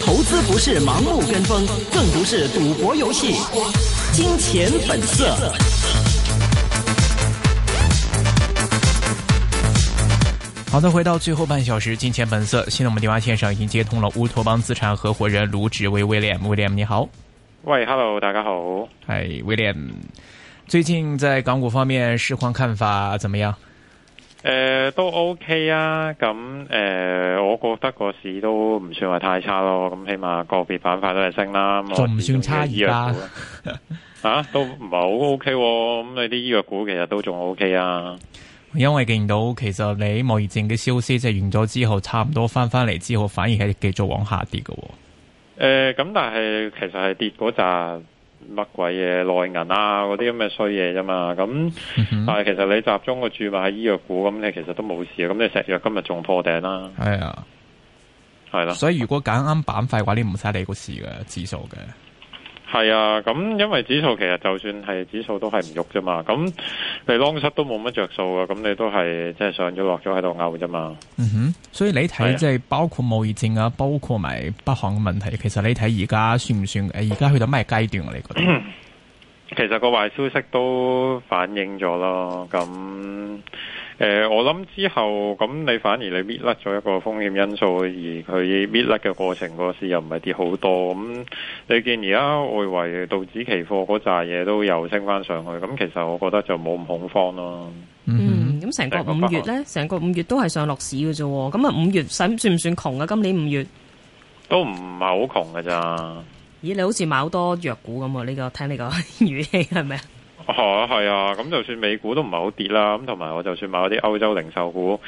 投資不是盲目跟風，更不是賭博遊戲。金錢本色。好的，回到最後半小時，金錢本色。現在我們電話線上已經接通了烏托邦資產合伙人盧志威威廉。威廉，你好。喂，Hello，大家好。嗨，威廉。最近在港股方面，市況看法怎麼樣？誒、呃，都 OK 啊。咁、嗯、誒、呃，我覺得個市都唔算話太差咯。咁起碼個別板塊都係升啦，仲唔算差而啦啊，啊， 啊？都唔係好 OK 咁、啊。你啲醫藥股其實都仲 OK 啊，因為見到其實你貿易戰嘅消息即係完咗之後，差唔多翻翻嚟之後，反而係繼續往下跌嘅、哦。誒、呃，咁但係其實係跌嗰陣。乜鬼嘢內銀啊嗰啲咁嘅衰嘢啫嘛，咁、嗯、哼但係其實你集中個注碼喺醫藥股咁，你其實都冇事，咁你石藥今日仲破頂啦，係啊，係啦、哎呀。的所以如果揀啱板塊嘅話，你唔使理個事嘅指數嘅。係啊，咁因為指數其實就算係指數都係唔喐啫嘛，咁你 long 出都冇乜着數啊，咁你都係即係上咗落咗喺度拗啫嘛。嗯哼，所以你睇即係包括貿易戰啊，包括埋北韓嘅問題，其實你睇而家算唔算？誒，而家去到咩階段啊？你覺得？其實個壞消息都反映咗咯，咁。誒、呃，我諗之後咁你反而你搣甩咗一個風險因素，而佢搣甩嘅過程嗰時又唔係跌好多，咁你見而家外圍道指期貨嗰扎嘢都又升翻上去，咁其實我覺得就冇咁恐慌咯。嗯，咁成個五月咧，成個五月都係上落市嘅啫，咁啊五月使算唔算窮啊？今年五月都唔係好窮㗎咋？咦，你好似買好多藥股咁啊？呢個聽你個語氣係咪啊？嚇係、哦、啊！咁就算美股都唔係好跌啦，咁同埋我就算買啲歐洲零售股，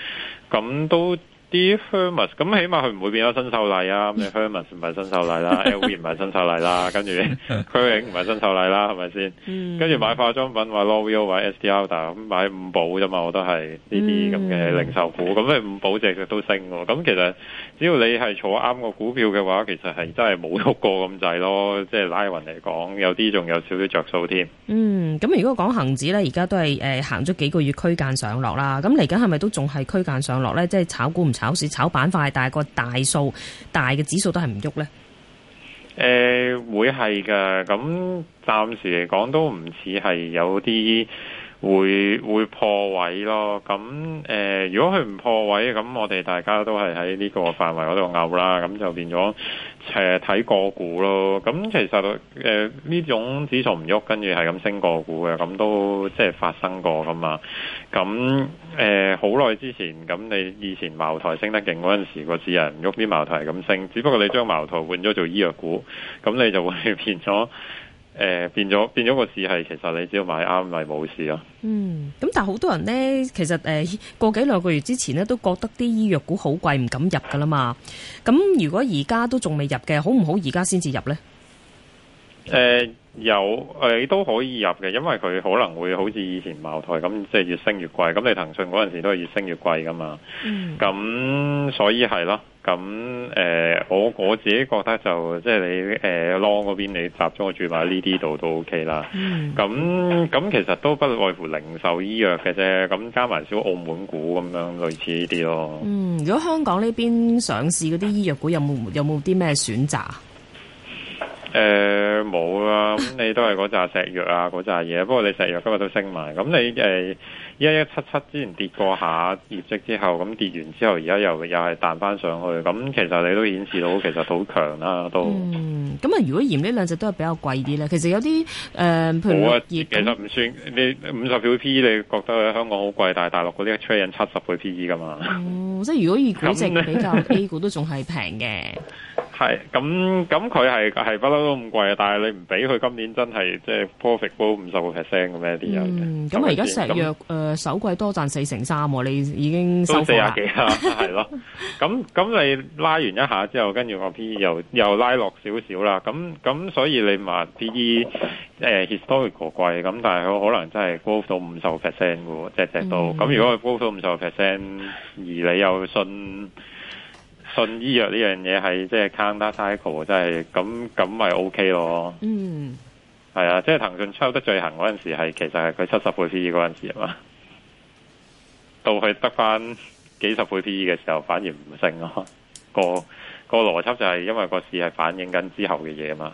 咁都，啲 Hermes 咁，起碼佢唔會變咗新秀麗啊，咩 Hermes 唔係新秀麗啦，LV 唔係新秀麗啦，跟住 Kering 唔係新秀麗啦，係咪先？跟住買化妝品買 Loewe 或 S D Alda 咁買五保啫嘛，我都係呢啲咁嘅零售股，咁你五保隻隻都升喎。咁其實只要你係坐啱個股票嘅話，其實係真係冇喐過咁滯咯，即係拉勻嚟講，有啲仲有少少着數添。嗯，咁如果講恒指咧，而家都係誒行咗幾個月區間上落啦，咁嚟緊係咪都仲係區間上落咧？即係炒股唔～炒市炒板塊，但係個大數大嘅指數都係唔喐呢。誒、呃，會係噶，咁暫時嚟講都唔似係有啲。會會破位咯，咁誒、呃，如果佢唔破位，咁我哋大家都係喺呢個範圍嗰度拗啦，咁就變咗誒睇個股咯。咁其實誒呢、呃、種指數唔喐，跟住係咁升個股嘅，咁都即係發生過噶嘛。咁誒好耐之前，咁你以前茅台升得勁嗰陣時，個指人唔喐啲茅台咁升，只不過你將茅台換咗做醫藥股，咁你就會變咗。誒、呃，變咗變咗個市係，其實你只要買啱，咪冇事咯。嗯，咁但係好多人呢，其實誒，呃、過幾幾兩個月之前呢，都覺得啲醫藥股好貴，唔敢入噶啦嘛。咁如果而家都仲未入嘅，好唔好而家先至入呢？誒、呃。有誒、呃、都可以入嘅，因為佢可能會好似以前茅台咁，即係越升越貴。咁你騰訊嗰陣時都係越升越貴噶嘛。咁、嗯、所以係咯。咁誒、呃、我我自己覺得就即係你誒 long 嗰邊，你集中住埋呢啲度都 OK 啦。咁咁、嗯、其實都不外乎零售醫藥嘅啫。咁加埋少少澳門股咁樣類似呢啲咯。嗯，如果香港呢邊上市嗰啲醫藥股有冇有冇啲咩選擇？誒，冇啦、呃，咁、嗯、你都係嗰扎石藥啊，嗰扎嘢。不過你石藥今日都升埋，咁你誒，一一七七之前跌過下，業績之後咁跌完之後，而家又又係彈翻上去。咁其實你都顯示到其實好強啦，都。咁啊、嗯，如果嫌呢兩隻都係比較貴啲咧，其實有啲誒，譬、呃、如、啊、其實唔算、嗯、你五十票 P，你覺得喺香港好貴，但係大陸嗰啲吹緊七十倍 P E 噶嘛。即係如果以估值比較 A 股都仲係平嘅。樣 係，咁咁佢係係不嬲都咁貴，但係你唔俾佢今年真係即係 perfect grow 五十個 percent 咁咩啲人？咁而家石藥誒首季多賺四成三，你已經收四啊幾啦，係咯，咁咁你拉完一下之後，跟住個 P E 又又拉落少少啦，咁咁所以你話 P E historical 貴咁，但係佢可能真係 grow 到五十 percent 嘅喎，隻隻都咁，嗯，如果佢 grow 到五十 percent，而你又信？信醫藥呢樣嘢係即係 counter cycle，即係咁咁，咪 O K 咯。嗯，係啊，即係騰訊抽得最行嗰陣時，係其實係佢七十倍 P E 嗰陣時啊嘛。到佢得返幾十倍 P E 嘅時候，反而唔升咯。個個邏輯就係因為個市係反映緊之後嘅嘢啊嘛。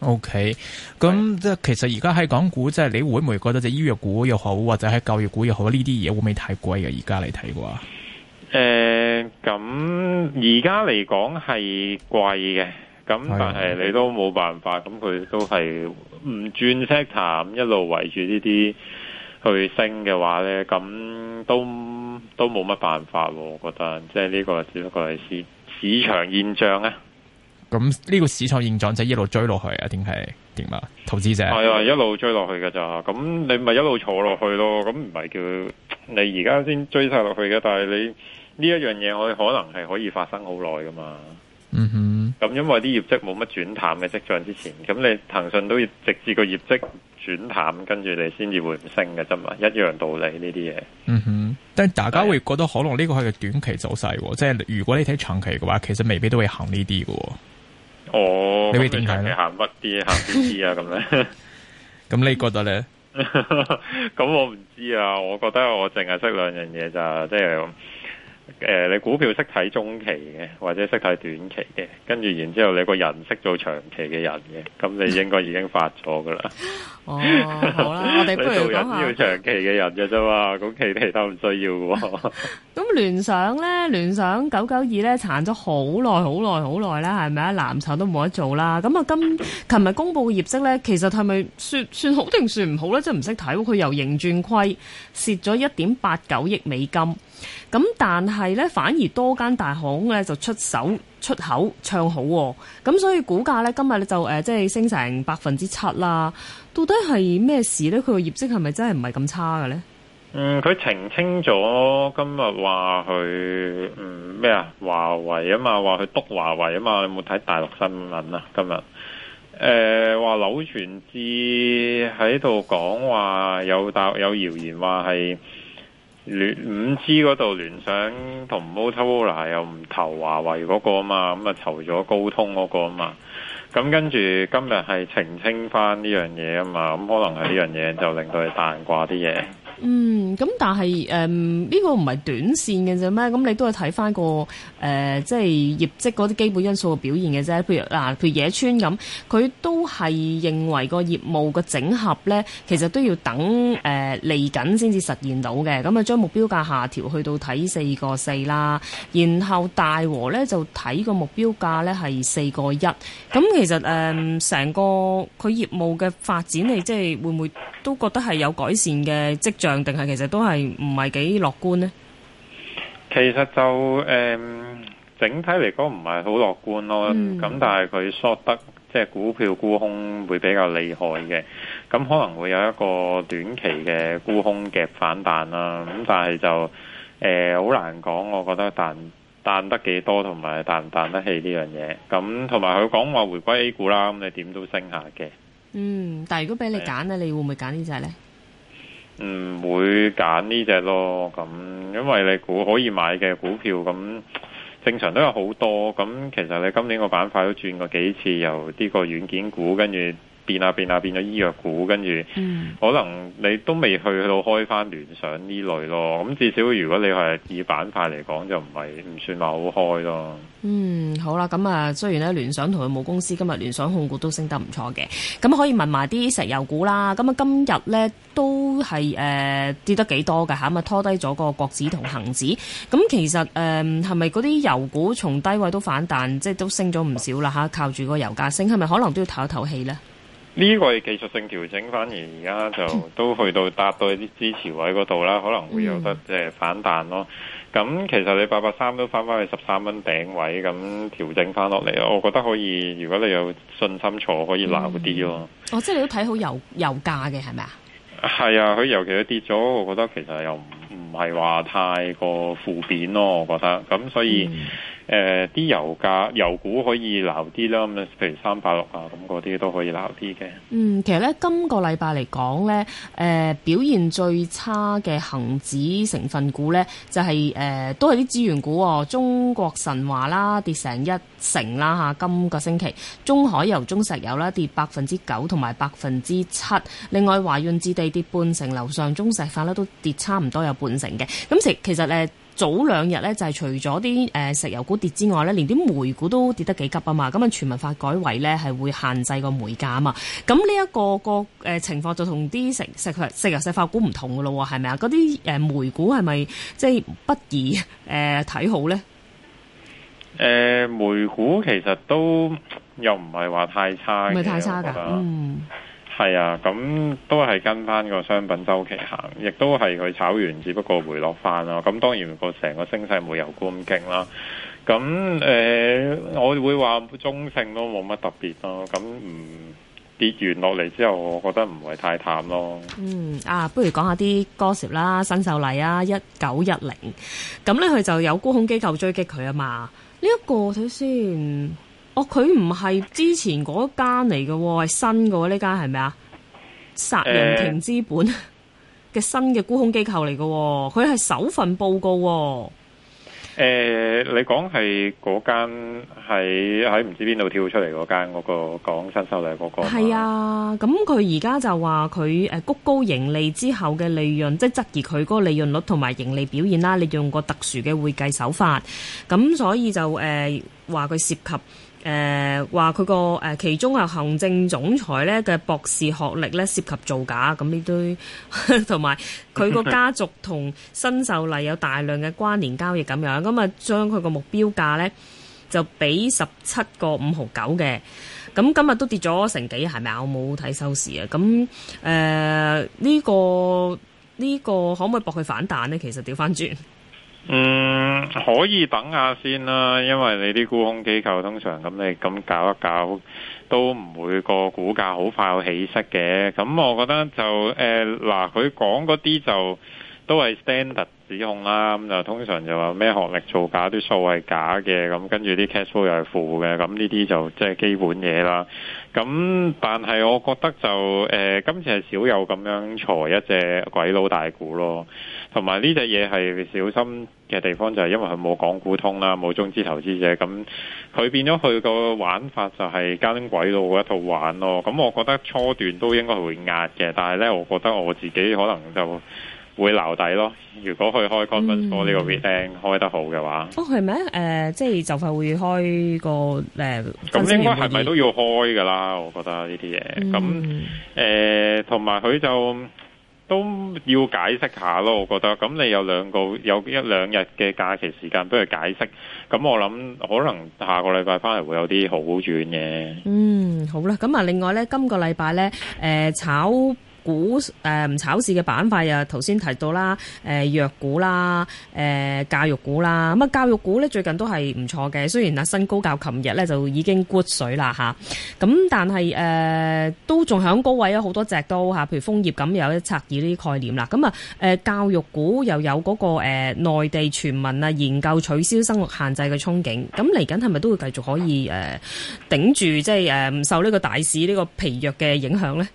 O K，咁即係其實而家喺港股，即係你會唔會覺得隻醫藥股又好，或者係教育股又好呢啲嘢會唔會太貴啊？而家嚟睇啩？誒、呃。咁而家嚟講係貴嘅，咁但係你都冇辦法，咁佢都係唔轉 sector，咁一路圍住呢啲去升嘅話呢，咁都都冇乜辦法，我覺得，即係呢個只不過係市市場現象啊。咁呢個市場現象就一路追落去啊？定係點啊？投資者係啊，一路追落去㗎咋。咁你咪一路坐落去咯，咁唔係叫你而家先追晒落去嘅，但係你。呢一樣嘢我可能係可以發生好耐噶嘛，嗯哼。咁因為啲業績冇乜轉淡嘅跡象之前，咁你騰訊都要直至個業績轉淡，跟住你先至會唔升嘅啫嘛，一樣道理呢啲嘢。嗯哼。但係大家會覺得可能呢個係個短期走勢，即係但如果你睇長期嘅話，其實未必都會行呢啲嘅。哦。你會點解？你行乜啲，行啲啲啊咁 樣。咁你覺得咧？咁 我唔知啊，我覺得我淨係識兩樣嘢咋，即係。誒、呃，你股票識睇中期嘅，或者識睇短期嘅，跟住然之後你個人識做長期嘅人嘅，咁你應該已經發咗㗎喇。哦，好啦，我哋不如講要長期嘅人嘅啫嘛，咁其其他唔需要喎。咁聯想咧，聯想九九二咧，殘咗好耐，好耐，好耐啦，係咪啊？藍籌都冇得做啦。咁啊，今琴日公布嘅業績咧，其實係咪算算好定算唔好咧？真係唔識睇。佢由盈轉虧，蝕咗一點八九億美金。咁但係咧，反而多間大行咧就出手。出口唱好喎。哦，咁所以股價呢，今日咧就即係，呃就是，升成百分之七啦。到底係咩事呢？佢個業績係咪真係唔係咁差嘅呢？嗯，嗯，佢澄清咗今日話去嗯咩啊，華為啊嘛，話去篤華為啊嘛。你有冇睇大陸新聞啊？今日誒話柳傳志喺度講話有大有謠言話係，聯五 G 嗰度，聯想同 Motorola 又唔投華為嗰個啊嘛，咁啊投咗高通嗰個啊嘛，咁跟住今日係澄清翻呢樣嘢啊嘛，咁可能係呢樣嘢就令到你淡化啲嘢。嗯，咁但係誒呢個唔係短線嘅啫咩？咁你都係睇翻個。誒、呃，即係業績嗰啲基本因素嘅表現嘅啫，譬如嗱、啊，譬如野村咁，佢都係認為個業務嘅整合呢，其實都要等誒嚟緊先至實現到嘅。咁啊，將目標價下調去到睇四個四啦，然後大和呢，就睇個目標價呢係四個一。咁其實誒，成、呃、個佢業務嘅發展，你即係會唔會都覺得係有改善嘅跡象，定係其實都係唔係幾樂觀呢？其實就誒、嗯，整體嚟講唔係好樂觀咯。咁、嗯、但係佢縮得，即、就、係、是、股票沽空會比較厲害嘅。咁可能會有一個短期嘅沽空嘅反彈啦。咁但係就誒，好、呃、難講。我覺得彈彈得幾多，同埋彈唔彈得起呢樣嘢。咁同埋佢講話回歸 A 股啦，咁你點都升下嘅。嗯，但係如果俾你揀咧，的你會唔會揀呢隻呢？唔、嗯、會揀呢隻咯，咁因為你股可以買嘅股票，咁正常都有好多。咁其實你今年個板塊都轉過幾次，由呢個軟件股跟住。變啊，變啊，變咗醫藥股，跟住可能你都未去到開翻聯想呢類咯。咁至少如果你係以板塊嚟講，就唔係唔算話好開咯。嗯，好啦，咁啊，雖然咧聯想同佢母公司今日聯想控股都升得唔錯嘅，咁可以問埋啲石油股啦。咁啊，今日咧都係誒、呃、跌得幾多嘅吓，咁啊拖低咗個國指同恒指。咁其實誒係咪嗰啲油股從低位都反彈，即係都升咗唔少啦吓？靠住個油價升，係咪可能都要唞一唞氣咧？呢個係技術性調整，反而而家就都去到達到一啲支持位嗰度啦，可能會有得誒、嗯、反彈咯。咁其實你八百三都翻翻去十三蚊頂位咁調整翻落嚟，我覺得可以。如果你有信心坐，可以留啲咯、嗯。哦，即係你都睇好油油價嘅係咪啊？係啊，佢尤其佢跌咗，我覺得其實又唔係話太過負面咯。我覺得咁所以。嗯誒，啲、呃、油價、油股可以撈啲啦，咁譬如三百六啊，咁嗰啲都可以撈啲嘅。嗯，其實咧，今、這個禮拜嚟講咧，誒、呃，表現最差嘅恒指成分股咧，就係、是、誒、呃，都係啲資源股喎、哦。中國神華啦，跌成一成啦吓，今、啊，這個星期，中海油、中石油啦，跌百分之九同埋百分之七，另外華潤置地跌半成，樓上中石化咧都跌差唔多有半成嘅。咁、嗯、其其實誒。呃早兩日咧，就係除咗啲誒石油股跌之外咧，連啲煤股都跌得幾急啊嘛！咁啊，全民發改委咧係會限制個煤價啊嘛。咁呢一個個誒情況就同啲石石油石化股唔同噶咯，係咪啊？嗰啲誒煤股係咪即係不宜誒睇好咧？誒、呃，煤股其實都又唔係話太差，唔係太差噶，嗯。係啊，咁都係跟翻個商品周期行，亦都係佢炒完，只不過回落翻咯。咁當然個成個升勢冇有咁勁啦。咁誒、呃，我會話中性都冇乜特別咯。咁唔跌完落嚟之後，我覺得唔會太淡咯。嗯，啊，不如講下啲歌 o 啦，新秀麗啊，一九一零。咁呢佢就有沽空機構追擊佢啊嘛。呢、這、一個睇先。哦，佢唔係之前嗰間嚟嘅，係新嘅呢間係咪啊？殺人鯨資本嘅新嘅沽空機構嚟嘅，佢係首份報告。誒、欸，你講係嗰間係喺唔知邊度跳出嚟嗰間，嗰個講新秀麗嗰個。係啊，咁佢而家就話佢誒谷高盈利之後嘅利潤，即係質疑佢嗰個利潤率同埋盈利表現啦。你用個特殊嘅會計手法，咁所以就誒話佢涉及。誒，話佢個誒，其中啊，行政總裁咧嘅博士學歷咧涉，涉及造假，咁呢堆同埋佢個家族同新秀麗有大量嘅關聯交易咁樣，咁啊，將佢個目標價咧就俾十七個五毫九嘅，咁今日都跌咗成幾係咪啊？我冇睇收市啊，咁誒呢個呢個可唔可以搏佢反彈呢？其實掉翻轉。嗯，可以等下先啦，因為你啲沽空機構通常咁，你咁搞一搞都唔會個股價好快有起色嘅。咁我覺得就誒嗱，佢講嗰啲就都係 standard。指控啦，咁就通常就話咩學歷造假，啲數係假嘅，咁跟住啲 cash flow 又係負嘅，咁呢啲就即係基本嘢啦。咁但係我覺得就誒、呃，今次係少有咁樣坐一隻鬼佬大股咯。同埋呢隻嘢係小心嘅地方，就係因為佢冇港股通啦，冇中資投資者，咁佢變咗佢個玩法就係跟鬼佬一套玩咯。咁我覺得初段都應該會壓嘅，但係呢，我覺得我自己可能就～會留底咯，如果佢開 Conference 呢個 V N 開得好嘅話，哦係咪？誒、呃，即係就快會開個誒，咁、呃、應該係咪都要開噶啦？我覺得呢啲嘢，咁誒、嗯，同埋佢就都要解釋下咯。我覺得，咁你有兩個有一兩日嘅假期時間俾佢解釋，咁我諗可能下個禮拜翻嚟會有啲好轉嘅。嗯，好啦，咁、嗯、啊，另外咧，今個禮拜咧，誒、呃，炒股誒唔、嗯、炒市嘅板塊啊，頭先提到啦，誒、嗯、藥股啦，誒、嗯、教育股啦，咁、嗯、啊教育股咧最近都係唔錯嘅，雖然啊新高教琴日咧就已經攰水啦嚇，咁、啊、但係誒、嗯、都仲喺高位啊，好多隻都嚇、啊，譬如楓葉咁有一拆二呢啲概念啦，咁、嗯、啊、嗯、教育股又有嗰、那個誒、嗯、內地傳聞啊研究取消生活限制嘅憧憬，咁嚟緊係咪都會繼續可以誒、呃、頂住，即係唔受呢個大市呢個疲弱嘅影響咧？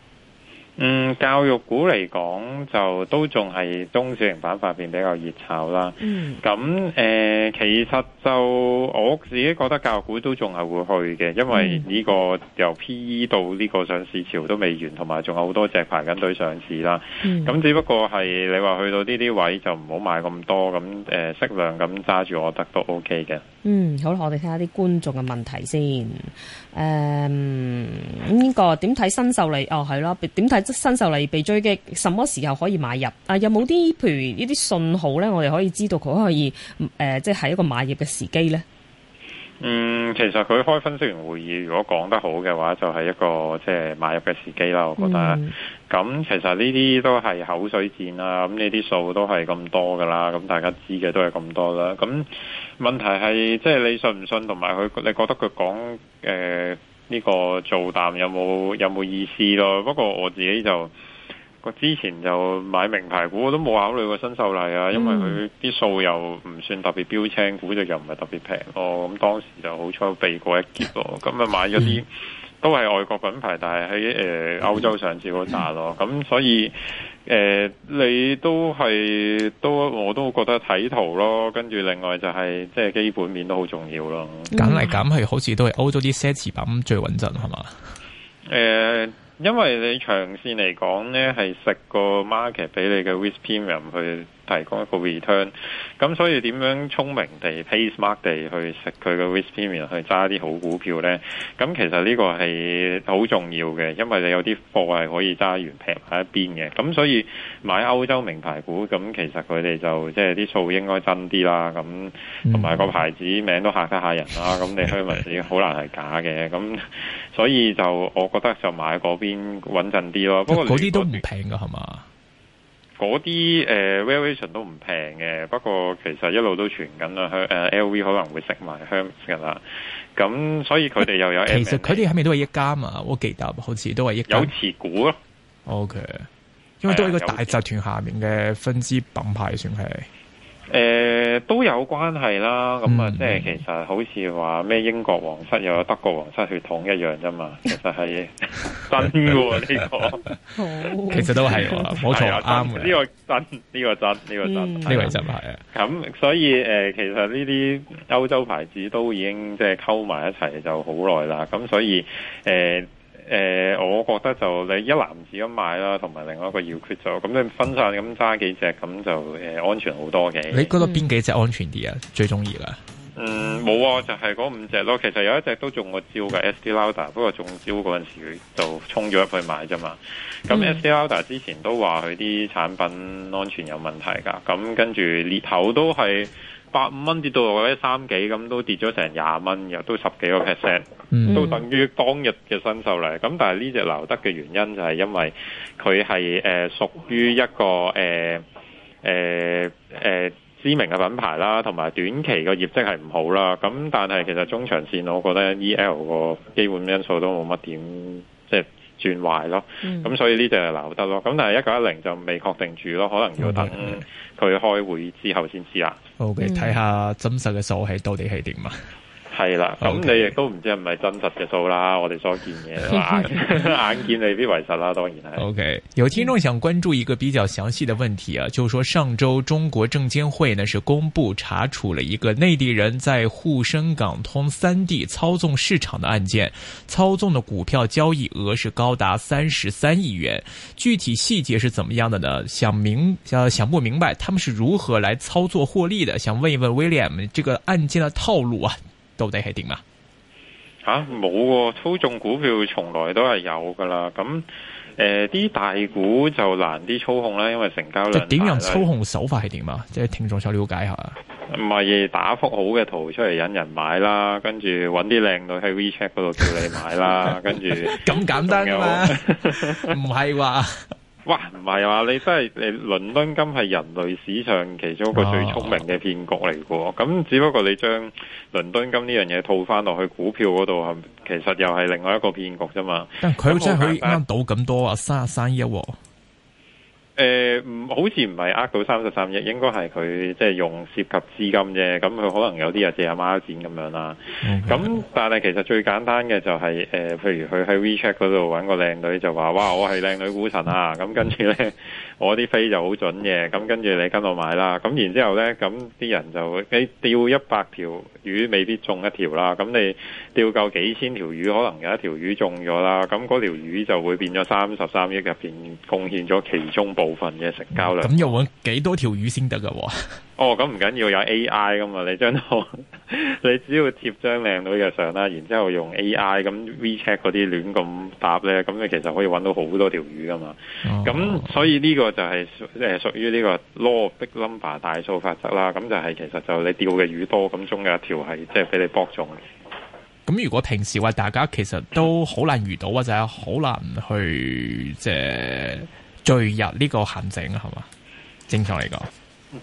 嗯，教育股嚟講就都仲係中小型板塊邊比較熱炒啦。嗯，咁誒、呃，其實就我自己覺得教育股都仲係會去嘅，因為呢個由 P E 到呢個上市潮都未完，同埋仲有好多隻排緊隊上市啦。咁、嗯、只不過係你話去到呢啲位就唔好買咁多，咁誒適量咁揸住，我覺得都 O K 嘅。嗯，好啦，我哋睇下啲觀眾嘅問題先。誒、嗯，呢、這個點睇新秀麗？哦，係咯，點睇？新秀麗被追擊，什麼時候可以買入？啊，有冇啲譬如呢啲信號呢？我哋可以知道佢可以誒，即、呃、係、就是、一個買入嘅時機呢。嗯，其實佢開分析員會議，如果講得好嘅話，就係、是、一個即係、就是、買入嘅時機啦。我覺得，咁、嗯、其實呢啲都係口水戰啦。咁呢啲數都係咁多噶啦，咁大家知嘅都係咁多啦。咁問題係，即、就、係、是、你信唔信同埋佢，你覺得佢講誒？呃呢個做淡有冇有冇意思咯？不過我自己就，之前就買名牌股，我都冇考慮過新秀麗啊，因為佢啲數又唔算特別標青，股就又唔係特別平咯。咁、哦嗯、當時就好彩避過一劫咯，咁啊買咗啲。嗯都係外國品牌，但係喺誒歐洲上市好大咯。咁、嗯嗯、所以誒、呃、你都係都我都覺得睇圖咯，跟住另外就係、是、即係基本面都好重要咯。揀嚟揀去，好似都係歐洲啲奢侈品最穩陣，係嘛？誒，因為你長線嚟講咧，係食個 market 俾你嘅 premium 去。提供一個 return，咁所以點樣聰明地 pace mark 地去食佢嘅 whisky 面去揸啲好股票呢？咁其實呢個係好重要嘅，因為你有啲貨係可以揸完平喺一邊嘅。咁所以買歐洲名牌股，咁其實佢哋就即係啲數應該真啲啦。咁同埋個牌子名都嚇得嚇人啦。咁你去問你好難係假嘅。咁所以就我覺得就買嗰邊穩陣啲咯。不過嗰啲都唔平㗎係嘛？嗰啲誒 valuation 都唔平嘅，不過其實一路都在傳緊啊、呃、香誒 LV 可能會食埋香嘅啦，咁所以佢哋又有 A，其實佢哋係咪都係一家嘛，我記得好似都係一家有持股咯、啊，OK，因為都係一個大集團下面嘅分支品牌算係。誒，都有關係啦。咁啊，即係其實好似話咩英國皇室又有德國皇室血統一樣啫嘛。其實係真㗎呢個，其實都係冇錯啱。呢個真，呢個真，呢個真，呢個真係啊。咁所以誒，其實呢啲歐洲牌子都已經即係溝埋一齊就好耐啦。咁所以誒。誒、呃，我覺得就你一籃子咁買啦，同埋另外一個要缺咗。咁，你分散咁揸幾隻咁就、呃、安全好多嘅。你覺得邊幾隻安全啲啊？最中意啦。嗯，冇啊，就係、是、嗰五隻咯。其實有一隻都中過招㗎 S D l a u d e r 不過中招嗰陣時就沖咗入去買啫嘛。咁 S D l a u d e r 之前都話佢啲產品安全有問題㗎，咁跟住獵頭都係。八五蚊跌到或者三幾咁，都跌咗成廿蚊嘅，都十幾個 percent，都等於當日嘅新秀嚟。咁但係呢隻留得嘅原因就係因為佢係誒屬於一個誒誒誒知名嘅品牌啦，同埋短期嘅業績係唔好啦。咁但係其實中長線，我覺得 EL 個基本因素都冇乜點。斷壞咯，咁所以呢就係留得咯，咁但係一九一零就未確定住咯，可能要等佢開會之後先知啦。O K，睇下真實嘅數據到底係點啊？係啦，咁你亦都唔知係唔係真實嘅數啦，Okay. 我哋所見嘅係眼見未必為實啦，當然係。O、okay. K，有聽眾想關注一個比較詳細嘅問題啊，就是、說上周中國證監會呢是公布查處了一個內地人在滬深港通三地操縱市場的案件，操縱的股票交易額是高達三十三億元，具體細節是怎麼樣的呢？想明，想想不明白他們是如何來操作獲利的，想問一問 William，這個案件嘅套路啊。到底係點啊？吓，冇喎，操縱股票從來都係有噶啦。咁誒，啲、呃、大股就難啲操控啦，因為成交量。即係點樣操控手法係點啊？即係聽眾想了解下。唔係打幅好嘅圖出嚟引人買啦，跟住揾啲靚女喺 WeChat 嗰度叫你買啦，跟住咁簡單噶嘛？唔係話。 哇，唔係話你真係，你倫敦金係人類史上其中一個最聰明嘅騙局嚟嘅。咁只不過你將倫敦金呢樣嘢套翻落去股票嗰度，係其實又係另外一個騙局啫嘛。但係佢好似佢啱到咁多啊，三啊三一。誒、呃，好似唔係呃到三十三億，應該係佢即係用涉及資金啫。咁佢可能有啲人借阿媽錢咁樣啦。咁 Okay. 但係其實最簡單嘅就係、是、誒、呃，譬如佢喺 WeChat 嗰度揾個靚女就話：，哇，我係靚女股神啊！咁跟住呢。 我啲飛就好準嘅，咁跟住你跟我買啦，咁然之後呢，咁啲人就會你釣一百條魚未必中一條啦，咁你釣夠幾千條魚，可能有一條魚中咗啦，咁嗰條魚就會變咗三十三億入面，貢獻咗其中部分嘅成交量。咁、哦、又揾幾多條魚先得噶喎？ 哦，咁唔緊要，有 AI 噶嘛？你將 你只要貼張靚女嘅相啦，然之後用 AI 咁 wechat 嗰啲亂咁搭咧，咁你其實可以搵到好多條魚噶嘛。咁、哦、所以呢個就係即係屬於呢個 law big number 大數法則啦。咁就係其實就你釣嘅魚多，咁中嘅一條係即係俾你博中。咁如果平時話大家其實都好難遇到或者好難去即係墜入呢個陷阱，係嘛？正常嚟講。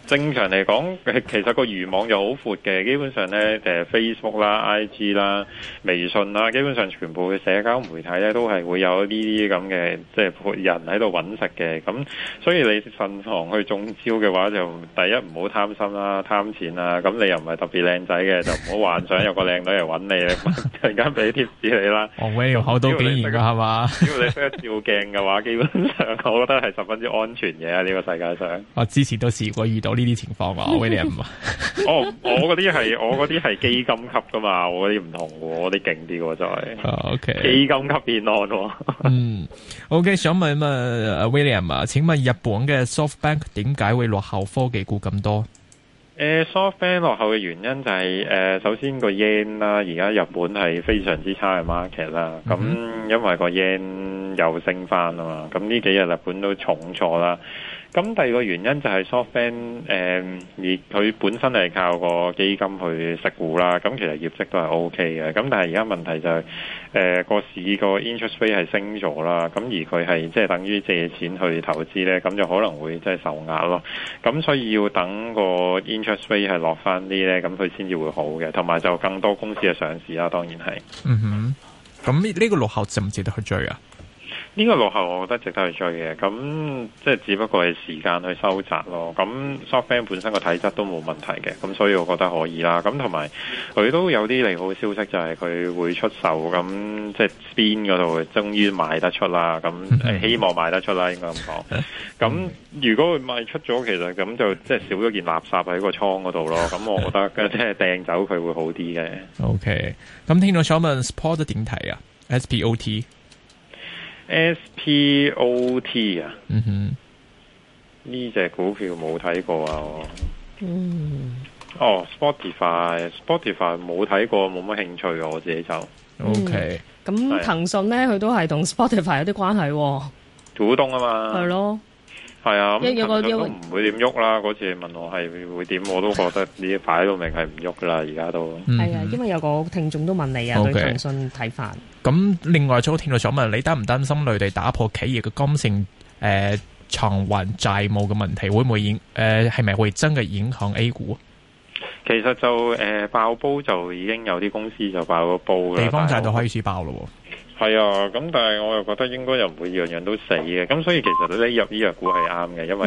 正常嚟講，其實個漁網又好闊嘅，基本上咧，誒、就是、Facebook 啦、IG 啦、微信啦，基本上全部嘅社交媒體咧都係會有呢啲咁嘅，即係人喺度揾食嘅。咁所以你順堂去中招嘅話，就第一唔好貪心啦，貪錢啦。咁你又唔係特別靚仔嘅，就唔好幻想有個靚女嚟揾你，突然間俾貼士你啦。哦、我會有好多表現噶係嘛，只要你識得是吧 照鏡嘅話，基本上我覺得係十分之安全嘅呢、這個世界上。我之前都試過。遇到呢啲情況啊，William，我我嗰啲係我嗰啲係基金級噶嘛，我嗰啲唔同，我啲勁啲喎，就係，OK，基金級變岸，嗯，OK，想問啊，William 啊，請問日本嘅 SoftBank 點解會落後科技股咁多？誒，SoftBank 落後嘅原因就係誒，首先個 yen 啦，而家日本係非常之差嘅 market 啦，咁因為個 yen 又升翻啊嘛，咁呢幾日日本都重挫啦。咁第二個原因就係 SoftBank 誒，而佢本身係靠個基金去食股啦，咁其實業績都係 O K 嘅。咁但係而家問題就係、是，誒、呃、個市個 interest rate 係升咗啦，咁而佢係即係等於借錢去投資咧，咁就可能會即係受壓咯。咁所以要等個 interest rate 係落翻啲咧，咁佢先至會好嘅。同埋就更多公司嘅上市啦，當然係。嗯哼。咁呢個落後值唔值得去追啊？呢個落後，我覺得值得去追嘅。咁即係只不過係時間去收窄咯。咁 SoftBank 本身個體質都冇問題嘅，咁所以我覺得可以啦。咁同埋佢都有啲利好消息，就係佢會出售。咁即係 Spin 嗰度終於賣得出啦？咁、嗯哼呃、希望賣得出啦，應該咁講。咁、嗯、哼如果賣出咗，其實咁就即係少咗件垃圾喺個倉嗰度咯。咁我覺得、嗯、哼即係掟走佢會好啲嘅。OK。咁聽咗想問 Spot 點睇啊？S P O T。S, S P O T 啊、mm，呢、hmm. 隻股票冇睇過啊，哦、mm. oh,，哦，Spotify，Spotify 冇睇過，冇乜興趣啊，我自己就，O K，咁騰訊咧，佢是都係同 Spotify 有啲關係、啊，股東啊嘛，係咯。 係啊，咁、嗯、佢都唔會點喐啦。嗰次問我係會點，我都覺得呢一擺到明係唔喐噶啦。而家都係啊、嗯哼，因為有個聽眾都問你啊，Okay. 對騰訊睇法。咁、嗯、另外，早啲聽到想問你，擔唔擔心內地打破企業嘅剛性誒、呃、償還債務嘅問題，會唔會影誒係咪會真係影響 A 股？其實就誒、呃、爆煲就已經有啲公司就爆咗煲了，地方債就開始爆咯。係啊，咁但係我又覺得應該又唔會樣樣都死嘅，咁所以其實你入呢樣股係啱嘅，因為。